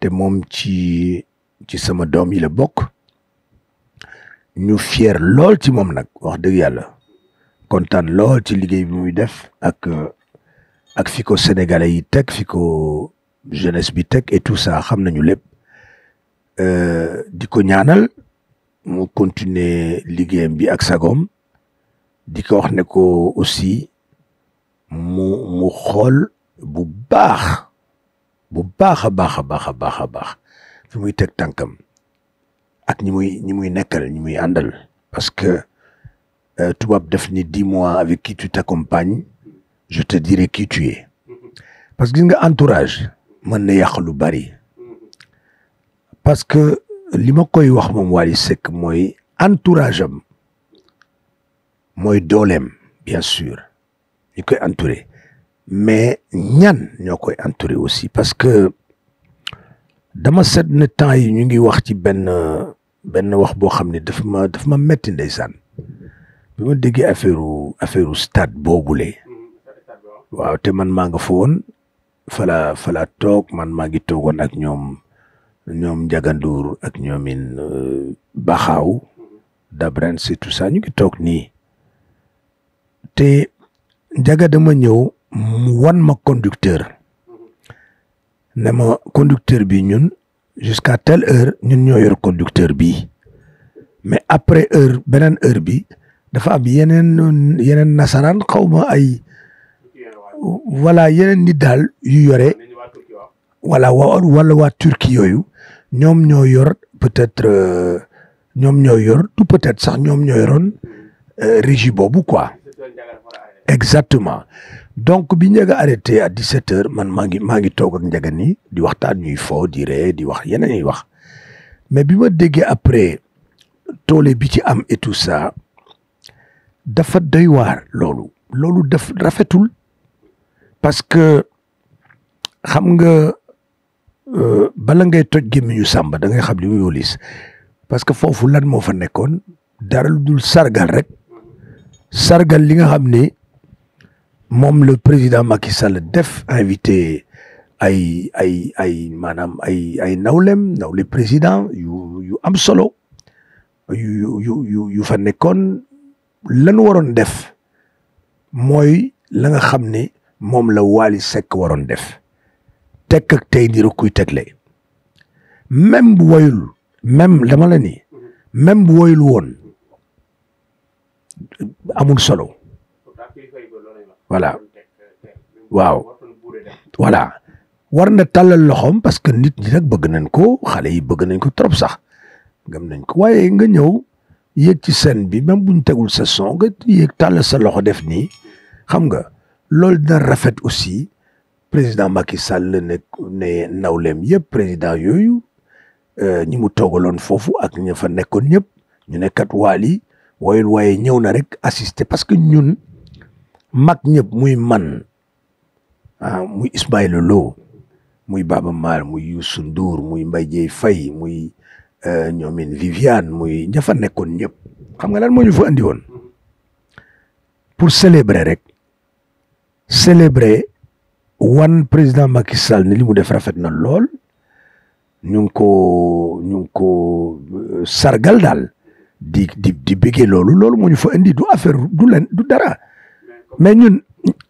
te moom ci ci sama doom yi la bokk ñu fier lool ci moom nag wax dëgg yàlla kontaan lool ci liggéey bi muy def ak ak fi ko sénégalais yi teg fi ko jeunesse bi teg et tout ça xam nañu lépp euh, di ko ñaanal mu continuer liggéeyam bi ak sagoom di ko wax ne ko aussi mu mu xool bu baax bu baax a baax a baax a baax a baax fi muy teg tànkam ak ñi muy ñi muy nekkal ñi muy àndal parce que euh, tubaab def ni dis-moi avec qui tu t'accompagnes je te dire qui tu parce que gis nga entourage mën na yàq lu bari parce que li ma koy wax moom Wally Seck mooy entourage am mooy dooleem bien sûr ñu koy entouré mais ñan ñoo koy entouré aussi parce que dama set ne temps yi ñu ngi wax ci benn benn wax boo xam ne daf ma daf ma metti ndeysaan bi ma déggee affaire affaire stade boobule waaw te man maa nga fa woon fala fala toog man maa ngi toogoon ak ñoom ñoom njaganduur ak ñoomin euh, baxaaw dabren c'est tout ça ñu ngi toog nii te njaga dama ñëw mu wan ma conducteur ne ma conducteur bi ñun jusqu'à telle heure ñun ñoo yor conducteur bi mais après heure beneen heure bi dafa am yeneen yeneen nasaraan xaw ay voilà yeneen nit daal yu yore wala wa wala waa Turquie yooyu ñoom ñoo yor peut-être euh, ñoom ñoo yor peut-être sax ñoom ñoo yoroon euh, boobu quoi exactement donc bi njëga arrêté à 17 heures man maa ngi maa ngi toog ak njëga di waxtaan ñuy foo di ree di wax yeneen yi wax mais bi ma déggee après toole bi ci am et tout dafa doy waar loolu loolu daf rafetul parce que xam nga euh, bala ngay toj gémmiñu sàmba da ngay xam li muy wóolis parce que foofu lan moo fa nekkoon dara lu dul sargal rek sargal li nga xam ne moom la président Macky Sall def invité ay ay ay maanaam ay ay nawlem nawle président yu yu am solo yu yu yu yu fa nekkoon lanu waroon def mooy la nga xam ne moom la Wally Seck waroon def tekk ak tey ni kuy teg tegle même bu woyul même dama la ni même bu woyul woon amul solo voilà waaw voilà war na tàllal loxoom parce que nit ñi nag bëgg nañ ko xale yi bëgg nañ ko trop sax gëm nañ ko waaye nga ñëw yéeg ci scène bi même buñ tegul sa son nga yéeg tàllal sa loxo def nii xam nga loolu dina rafet aussi président Macky Sall ne ne nawleem yëpp président yooyu euh, ñi mu toogaloon foofu ak ña fa nekkoon ñëpp ñu nekkat waal yi woyul waaye ñëw na rek assister parce que ñun mag ñëpp muy man ah muy Ismaïla Lo muy Baba Maal muy Youssou Ndour muy Mbaye Dieye Faye muy euh, ñoomin Viviane muy ña fa nekkoon ñëpp xam nga lan moo ñu fa andi woon pour célébrer rek célébrer wan président Macky Sall ne li mu def rafet na lool ñu ngi ko ñu ngi ko euh, sargal daal di di di bëggee loolu loolu moo ñu fa andi du affaire du du dara mais ñun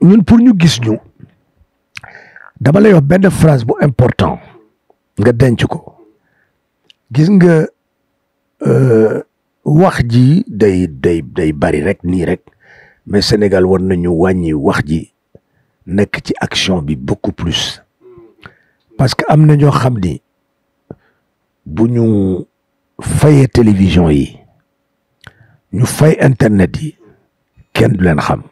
ñun pour ñu gis ñu dama lay wax benn phrase bu important nga denc ko gis nga euh, wax ji day day day bari rek nii rek mais Sénégal war nañu wàññi wax ji nekk ci action bi beaucoup plus parce que am na ñoo xam ni bu ñu fayee télévision yi ñu fay internet yi kenn du leen xam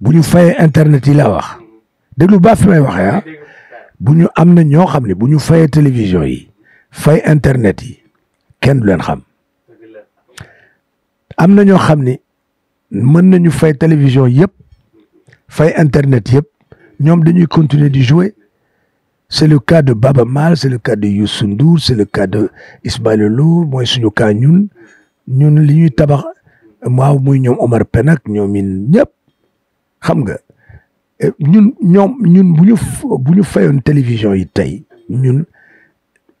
bu ñu fayee internet yi laa wax déglu baax fi may waxee ah bu ñu am na ñoo xam ne bu ñu fayee télévision yi fay internet yi kenn du leen xam am na ñoo xam ni mën nañu fay télévision yëpp fay internet yëpp ñoom dañuy continuer di jouer c'est le cas de Baba Maal c'est le cas de Youssou Ndour c'est le cas de Ismaël Lo mooy suñu cas ñun ñun li ñuy tabax waaw muy ñoom Omar Penn ak ñoom ñun ñëpp xam nga eh, ñun ñoom ñun bu ñu bu ñu fayoon télévision yi tey ñun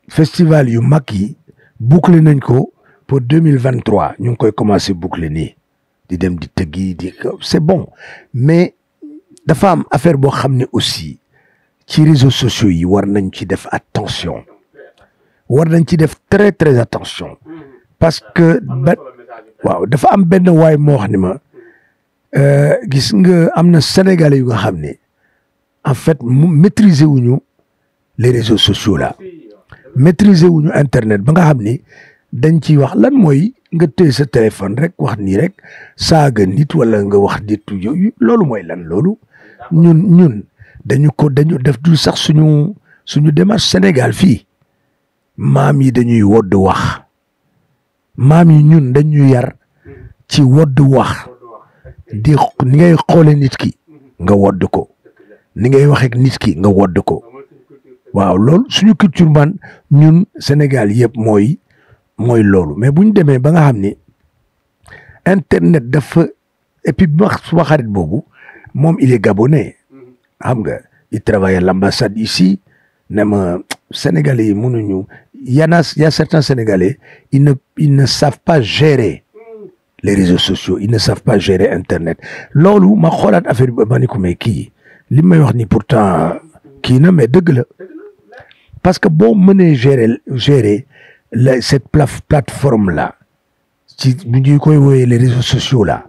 festival yu mag yi boucler nañ ko pour deux mille vingt trois ñu ngi koy commencé boucler nii di dem di tëggi di c'est bon mais dafa am affaire boo xam ne aussi ci réseaux sociaux yi war nañ ci def attention war nañ ci def très très attention parce que ba waaw dafa am benn waay moo wax ni ma Euh, gis nga am na sénégalais yu nga xam ne en fait mu maîtriser wuñu les réseaux sociaux là maîtriser wuñu internet ba nga xam ni dañ ciy wax lan mooy nga téye sa téléphone rek wax nii rek saaga nit wala nga wax nit loolu mooy lan loolu ñun ñun dañu ko dañu def du sax suñu suñu démarche Sénégal fii maam yi dañuy wodd wax maam yi ñun dañu yar ci wodd wax di ni ngay xoole nit ki nga wodd ko ni ngay waxee nit ki nga wodd ko waaw loolu suñu culture man ñun Sénégal yëpp mooy mooy loolu mais bu ñu demee ba nga xam ni internet dafa et puis ma suma xarit boobu moom il est gabonais xam nga il travaille à ne ma Sénégalais yi mënuñu y en a y a certains Sénégalais ils ne ils pas gérer les réseau sociaux ils ne savent pas gérer internet loolu ma xoolaat affaire bi ma ko mais kii li may wax ni pourtant kii na mais dëgg la parce que boo mënee gérer gérer la cette plateforme la ci ñu ngi koy wooyee les réseaux sociaux la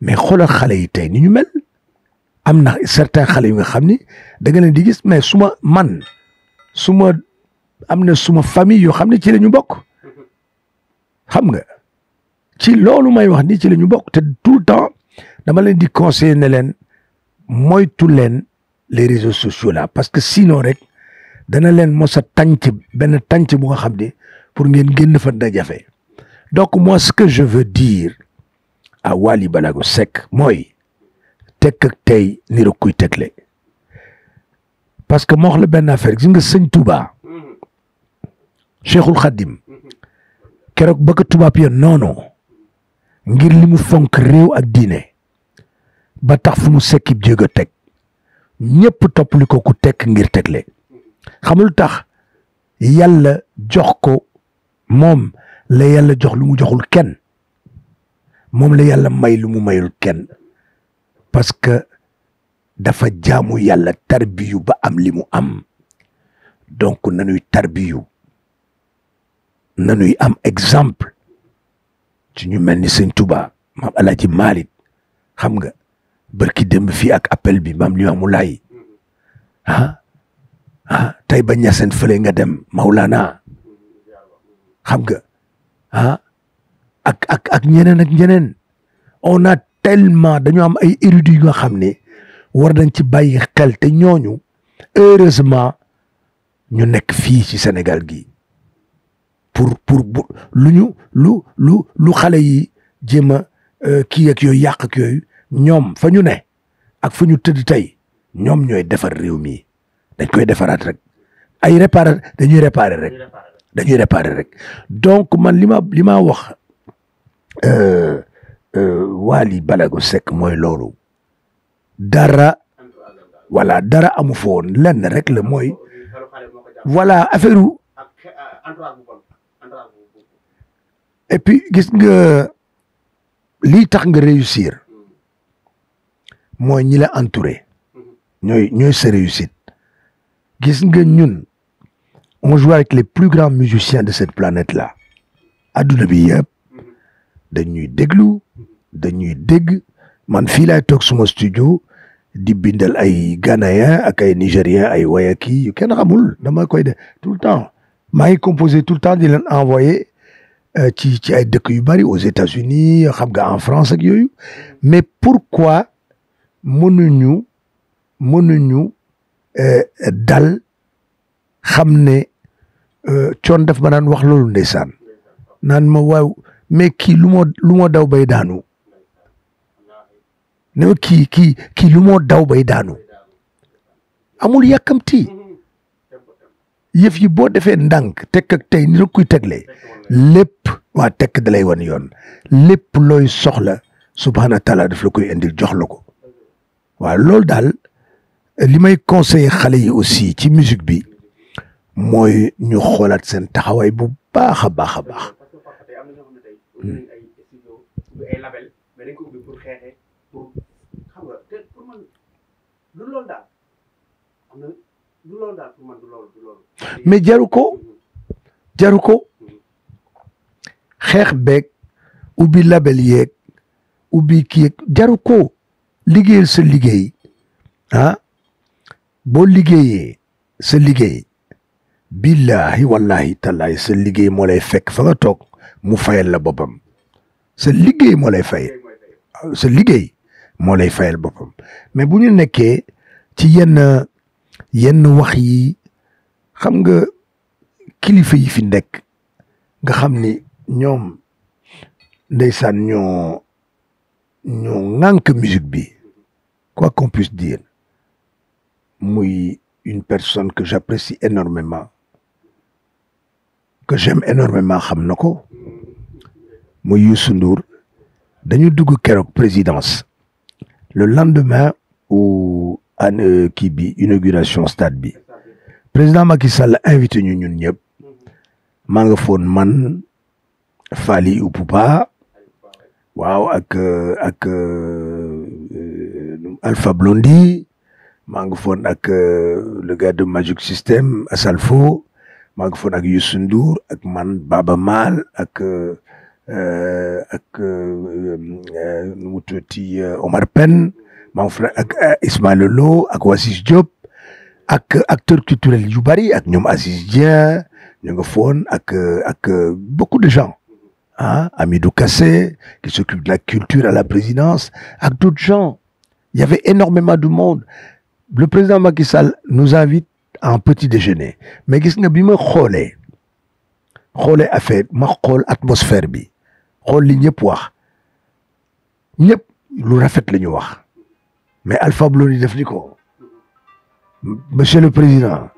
mais xoolal xale yi tey ni ñu mel am na certains xale yu nga xam ni da nga leen di gis mais suma man suma am na suma famille yoo xam ne ci la ñu bokk xam nga ci loolu may wax ni ci la ñu bokk te tout le temps dama leen di conseiller ne leen mooy moytu leen les réseaux sociaux là parce que sinon rek dana leen mos a tànc benn tànc bu nga xam ne pour ngeen génn fa da jafe donc moi ce que je veux dire à Wally Balago Seck mooy teg ak tey ni rek kuy tegle parce que moo la benn affaire gis nga sëñ Touba Cheikhul Khadim keroog bëgg tubaab ya non non ngir li mu fonk réew ak diine ba tax fu mu sekkib jóg a teg ñépp topp li ko ku tekk ngir tegle xamul tax yàlla jox ko moom la yàlla jox lu mu joxul kenn moom la yàlla may lu mu mayul kenn parce que dafa jaamu yàlla tarbiyu ba am li mu am donc nanuy tarbiyu nanuy am exemple ci ñu mel ni sëñ Touba maam El malit xam nga barki démb fii ak appel bi maam Limaamu Laay ah ah tey ba ñaseen fële nga dem Maulana xam nga ah ak ak ak ñeneen ak ñeneen on a tellement dañoo am ay érudits yu nga xam ne war nañ ci bàyyi xel te ñooñu heureusement ñu nekk fii ci senegal gi pour pour bu lu ñu lu lu lu xale yi jéem a euh, kii ak yooyu yàq ak yooyu ñoom fa ñu ne ak fa ñu tëdd tey ñoom ñooy defar réew mi dañ koy defaraat rek ay réparer dañuy réparer rek dañuy réparer rek donc man li ma li ma wax euh, euh, Wally Ballago Seck mooy loolu dara wala dara amu foon lenn rek la mooy voilà affaire et gis nga lii tax nga réussir mooy ñi la entouré ñooy ñooy sa gis nga ñun on joue avec les plus grands musiciens de cette planète là adduna bi yëpp dañuy déglu dañuy dégg man fii laay toog suma studio di bindal ay Ghanéens ak ay Nigériens ay wayaki yu kenn xamul dama koy de tout le temps maa ngi composé tout le temps di leen envoyé Euh, ci ci ay dëkk yu bari aux États-Unis xam nga en France ak yooyu mais pourquoi mënuñu mënuñu euh, dal xam ne euh, coon daf ma naan wax loolu ndeysaan naan ma waaw mais kii lu moo lu moo daw bay daanu ne kii kii kii lu moo daw bay daanu amul yàkkamti yëf yi boo defee ndànk tekk ak tey ni la kuy tegle lépp waa tekk dalay lay wan yoon lépp looy soxla subhaana taala daf la koy indil jox la ko waaw loolu daal li may conseiller xale yi aussi ci musique bi mooy ñu xoolaat seen taxawaay bu baax a baax a baax. Hmm. du loolu daal ko jaru ko mm-hmm. mm-hmm. xeex beeg ubbi label yeeg ubbi kii yeeg jaru ko liggéeyal sa liggéey ah boo liggéeyee sa liggéey billahi wallahi tallahi sa liggéey moo lay fekk fa nga toog mu fayal la boppam sa liggéey moo lay fay sa liggéey moo lay fayal boppam mais bu ñu nekkee ci yenn yenn wax yi xam nga kilifa yi fi nekk nga xam ni ñoom ndeysaan ñoo ñoo ŋànk musique bi quoi qu'on puisse dire muy une personne que j'apprécie énormément que j'aime énormément xam na ko muy Youssou Ndour dañu dugg keroog présidence le lendemain an euh, kii bi inauguration stade bi président Macky Sall invité ñu ñun ñëpp maa nga foon man Fally Ipupa waaw ak euh, ak euh, Alpha Blondy maa nga foon ak le de Magic System Asalfo maa nga foon ak Youssou Ndour ak man Baba Maal ak ak nu mu tuddati Omar Pène maam frère ak euh, Ismaël Lo ak Wasis Diop ak euh, acteur culturel yu bari ak ñoom Aziz Dia ñu nga foon ak euh, ak beaucoup de gens ah Amidou Kassé qui s'occupe de la culture à la présidence ak d'autres gens il y avait énormément du monde le président Macky Sall nous invite à un petit déjeuner mais gis nga bi ma xoolee xoolee affaire ma xool atmosphère bi xool li ñëpp wax ñëpp lu rafet la ñu wax mais Alpha Blondy def ni ko monsieur le président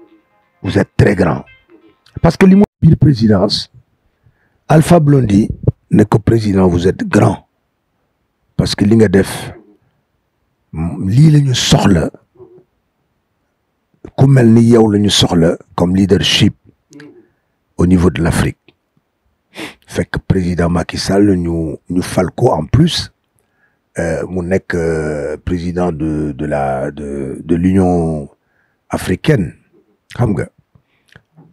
vous êtes très grand parce que li mu biir présidence Alpha Blondy ne ko président vous êtes grand parce que li nga def lii la ñu soxla ku mel ni yow la ñu soxla comme leadership au niveau de l'Afrique fekk président Macky Sall ñu ñu fal ko en plus Euh, mu nekk euh, président de de la de de l'Union africaine xam nga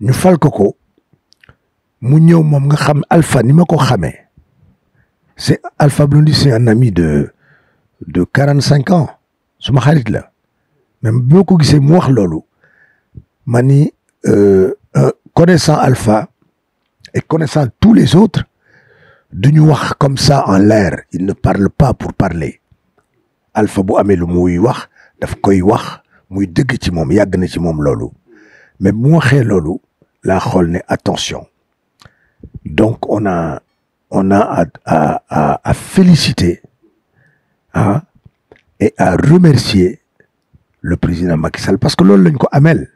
ñu fal ko ko mu ñëw moom nga xam Alpha ni ma ko xamee c'est Alpha Blondy c'est un ami de de quarante cinq ans suma xarit la même boo ko gisee mu wax loolu ma ni euh, connaissant alfa e connaissant tous les autres du ñu wax comme ça en l'air il ne parle pas pour parler alpha bu amee lu muy wax daf koy wax muy dëgg ci moom yàgg na ci moom loolu mais mu waxee loolu laa xool ne attention donc on a on a à à à, féliciter ah et à remercier le président Macky Sall parce que loolu lañ ko ameel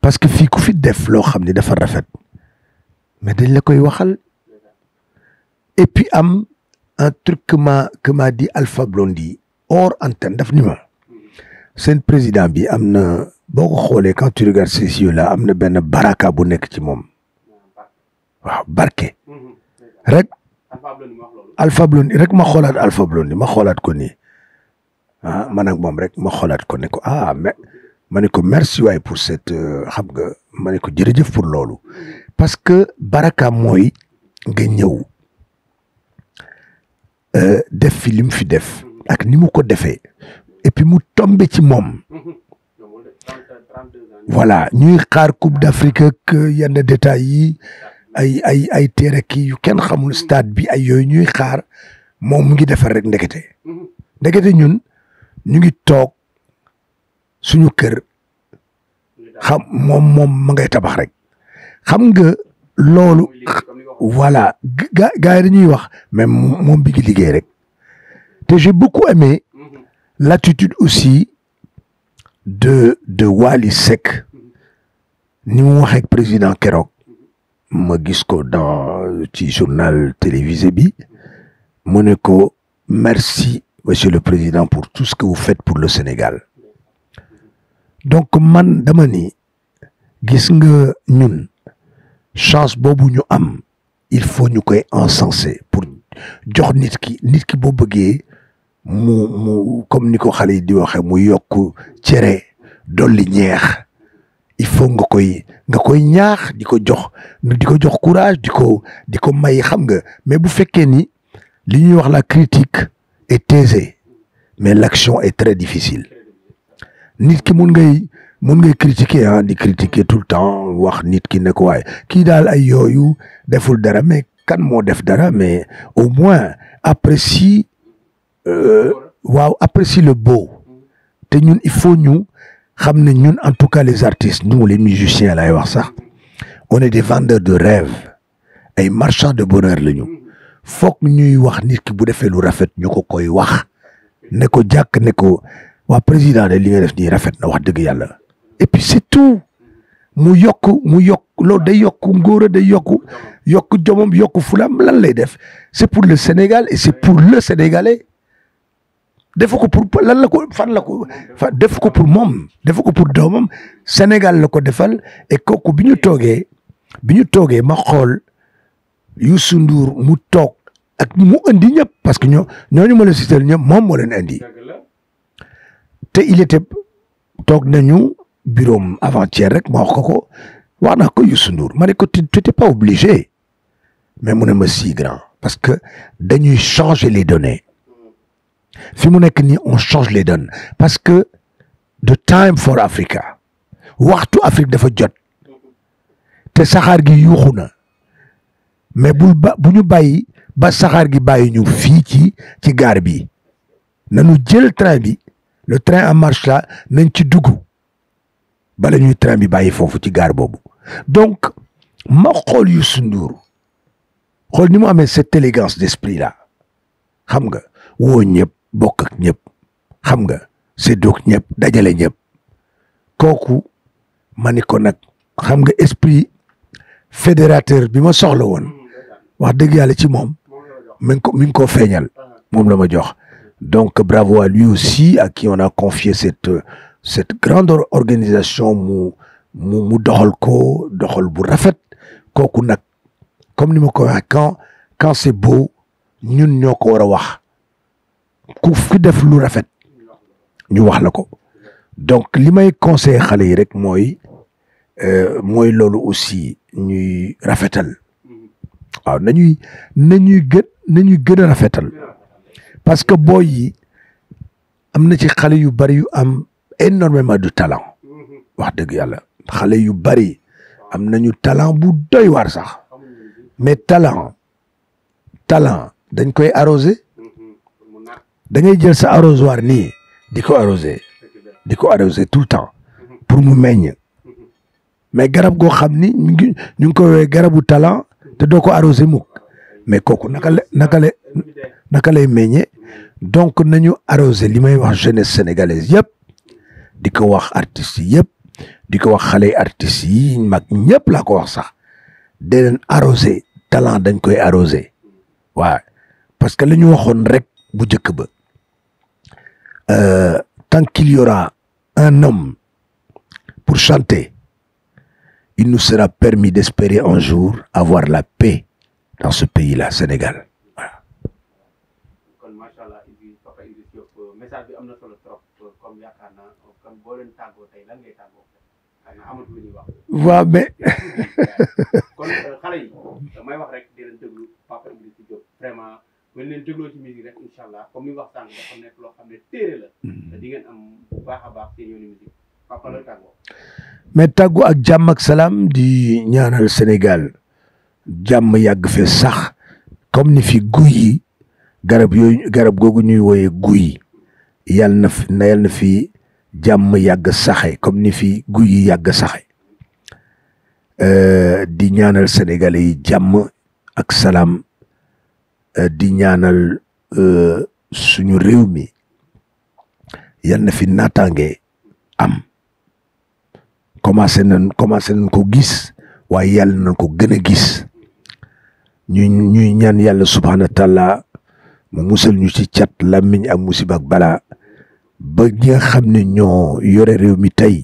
parce que fii ku fi def loo xam ni dafa rafet mais dañ la koy waxal et am un truc que ma que m'a dit Alpha Blondy hors daf ni ma seen président bi am na boo ko xoolee quand tu am na benn baraka bu nekk ci moom waaw barke rek Alpha Blondy rek ma xoolaat Alpha Blondy ma xoolaat ko nii ah man moom rek ma xoolaat ko ne ko ah mais ma ne ko merci waay pour cette euh, xam nga ma ne ko jërëjëf pour loolu parce que baraka mooy nga ñëw Euh, def fi lim fi def ak ni mu ko defee et mu tombé ci moom voilà ñuy xaar coupe d'Afrique ak yenn détails yi ay ay ay téere kii yu kenn xamul stade bi ay yooyu ñuy xaar moom mu ngi defar rek ndekete ndekete ñun ñu ngi toog suñu kër xam moom moom ma ngay tabax rek xam nga loolu voilà ga gars yi dañuy wax mais moom bi ngi liggéey rek te j'ai beaucoup aimé mm-hmm. l'attitude aussi de de Wally Seck mm-hmm. ni mu waxee président keroog mm-hmm. ma gis ko dans ci journal télévisé bi mu ne ko merci monsieur le président pour tout ce que vous faites pour le Sénégal donc man dama ni gis nga ñun chance boobu ñu am il faut ñu koy encenser pour jox nit ki nit ki boo bëggee mu mu comme ni ko xale yi di waxee mu yokk cere dolli ñeex il faut nga koy nga koy ñaax di ko jox di ko jox courage di ko di ko may xam nga mais bu fekkee ni li ñuy wax la critique est aisée mais l'action est très difficile nit ki mun ngay mun ngay critiquer ah di critiquer tout le temps wax nit ki ne ko waaye kii daal ay yooyu deful dara mais kan moo def dara mais au moins apprécie euh, waaw apprécie le beau te ñun il faut ñu xam ne ñun en tout cas les artistes nous les musiciens lay wax sax on est des vendeurs de rêves ay marchands de bonheur la ñu foog ñuy wax nit ki bu defee lu rafet ñu ko koy wax ne ko jàkk ne ko waa président de li nga def nii rafet na wax dëgg yàlla et tout mu yokk mu yokk loo day yokk ngóora day yokku yokk jomom yokk fulam lan lay def c'est pour le Sénégal et c'est pour le Sénégalais defu ko pour lan la la ko fa def ko pour moom defu pour doomam senegal la ko defal et bi ñu toogee bi ñu toogee ma xool Youssou Ndour mu toog ak mu indi ñëpp parce que ñoo ñooñu ma la cité ñëpp moom moo leen indi te il était toog nañu bureau am avant-hier rek ma wax ko ko wax naa ko Youssou Ndour ma ne ko tu n'étais pas obligé mais mu ne ma si parce que dañuy changer les données fi mu nekk nii on change les données parce que the time for Africa waxtu Afrique dafa jot te saxaar gi yuuxu na mais bul ba bu ñu bàyyi ba saxaar gi bàyyi ñu fii ci ci gaar bi nañu jël train bi le train en marche là nañ ci dugg bala ñuy train bi bàyyi foofu ci gaar boobu donc ma xool Youssou Ndour xool ni mu amee cette élégance d'esprit la xam nga woo ñëpp bokk ak ñëpp xam nga séddoog ñëpp dajale ñëpp kooku ma ni ko nag xam nga esprit fédérateur bi ma soxla woon wax dëgg yàlla ci moom mi ko mi ngi ko feeñal moom la ma jox donc bravo à lui aussi à qui on a confié cette cette grande organisation mu mu doxal ko doxal bu rafet kooku nag comme ni ma ko waxee quand quand c'est ñun ñoo ko war a wax ku fi def lu rafet ñu wax la ko donc li may conseil xale yi rek mooy euh, mooy loolu aussi ñuy rafetal waaw nañuy ñuy gën nañuy gën rafetal parce que booy am na ci xale yu bari yu am énormément de talent wax dëgg yàlla xale yu bari am nañu talent bu doy waar sax mais talent talent dañ koy arrosé da ngay jël sa arrosoir nii di ko arrosé di ko arrosé tout le temps pour mu meññ mais garab goo xam ni ñu ngi ñu ngi ko woowee garabu talent te doo ko arrosé mukk mais kooku naka la naka la naka lay meññee donc nañu arrosé li may wax jeunesse sénégalaise yëpp di ko wax artistes yëpp di ko wax xale artistes yii mag ñëpp laa ko wax sax di leen talent dañ koy arrosé waa parce que la ñu waxoon rek bu njëkk ba euh, tant qu'il y un homme pour chanter il nous sera permis d'espérer un jour avoir la paix dans ce pays-là Sénégal tey lan ngay tàggoo xanaa amatu lu euh, di leen déglu Papa Idrissa Diop vraiment bu comme loo xam ne mm-hmm. tàggoo. ak jàmm ak salaam di ñaanal Sénégal jàmm yàgg fee sax comme ni fi guy yi garab yooyu garab googu ñuy wooyee guy yi yàlla na fi na fi. jàmm yàgg saxe comme ni fi guy yi yàgg saxe euh, di ñaanal sénégalais yi jàmm ak salaam euh, di ñaanal euh, suñu réew mi yal na fi naataange am commencé nañ commencé nañ ko gis waaye yàlla nañ ko gën a gis ñuy ñuy ñaan yàlla subhaana taala mu musal ñu ci cat làmmiñ ak musiba ak balaa ba ñi nga xam ne ñoo yore réew mi tey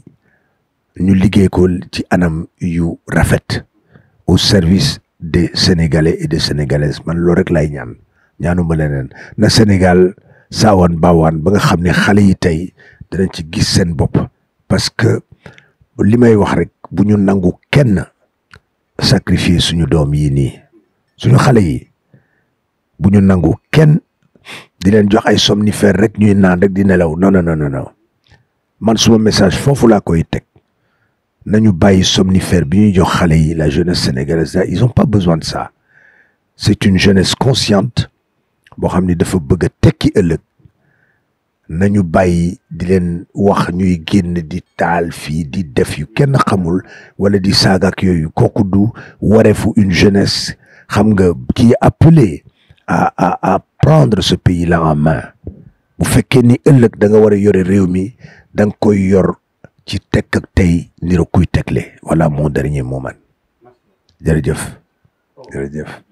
ñu liggéey ko ci anam yu rafet au service de sénégalais et des sénégalaises man loolu rek lay ñaan ñaanuma leneen na Sénégal saawaan baawaan ba nga xam ne xale yi tey danañ ci gis seen bopp parce que li may wax rek bu ñu nangu kenn sacrifier suñu doom yi nii suñu xale yi bu ñu nangu kenn di leen jox ay somnifère rek ñuy naan rek di nelaw non non non non man suma message foofu laa koy teg nañu bàyyi somnifère bi ñuy jox xale yi la jeunesse sénégalaise là ils ont pas besoin de ça c'est une jeunesse consciente boo xam ni dafa bëgg a ki ëllëg nañu bàyyi di leen wax ñuy génn di taal fii di def yu kenn xamul wala di saagaak yooyu kooku du wareefu une jeunesse xam nga qui est a a à prendre ce pays là en main bu fekkee ni ëllëg da nga war a yore réew mi da nga koy yor ci tekk ak tey niro kuy tegle voilà mon dernier moment jërëjëf jërëjëf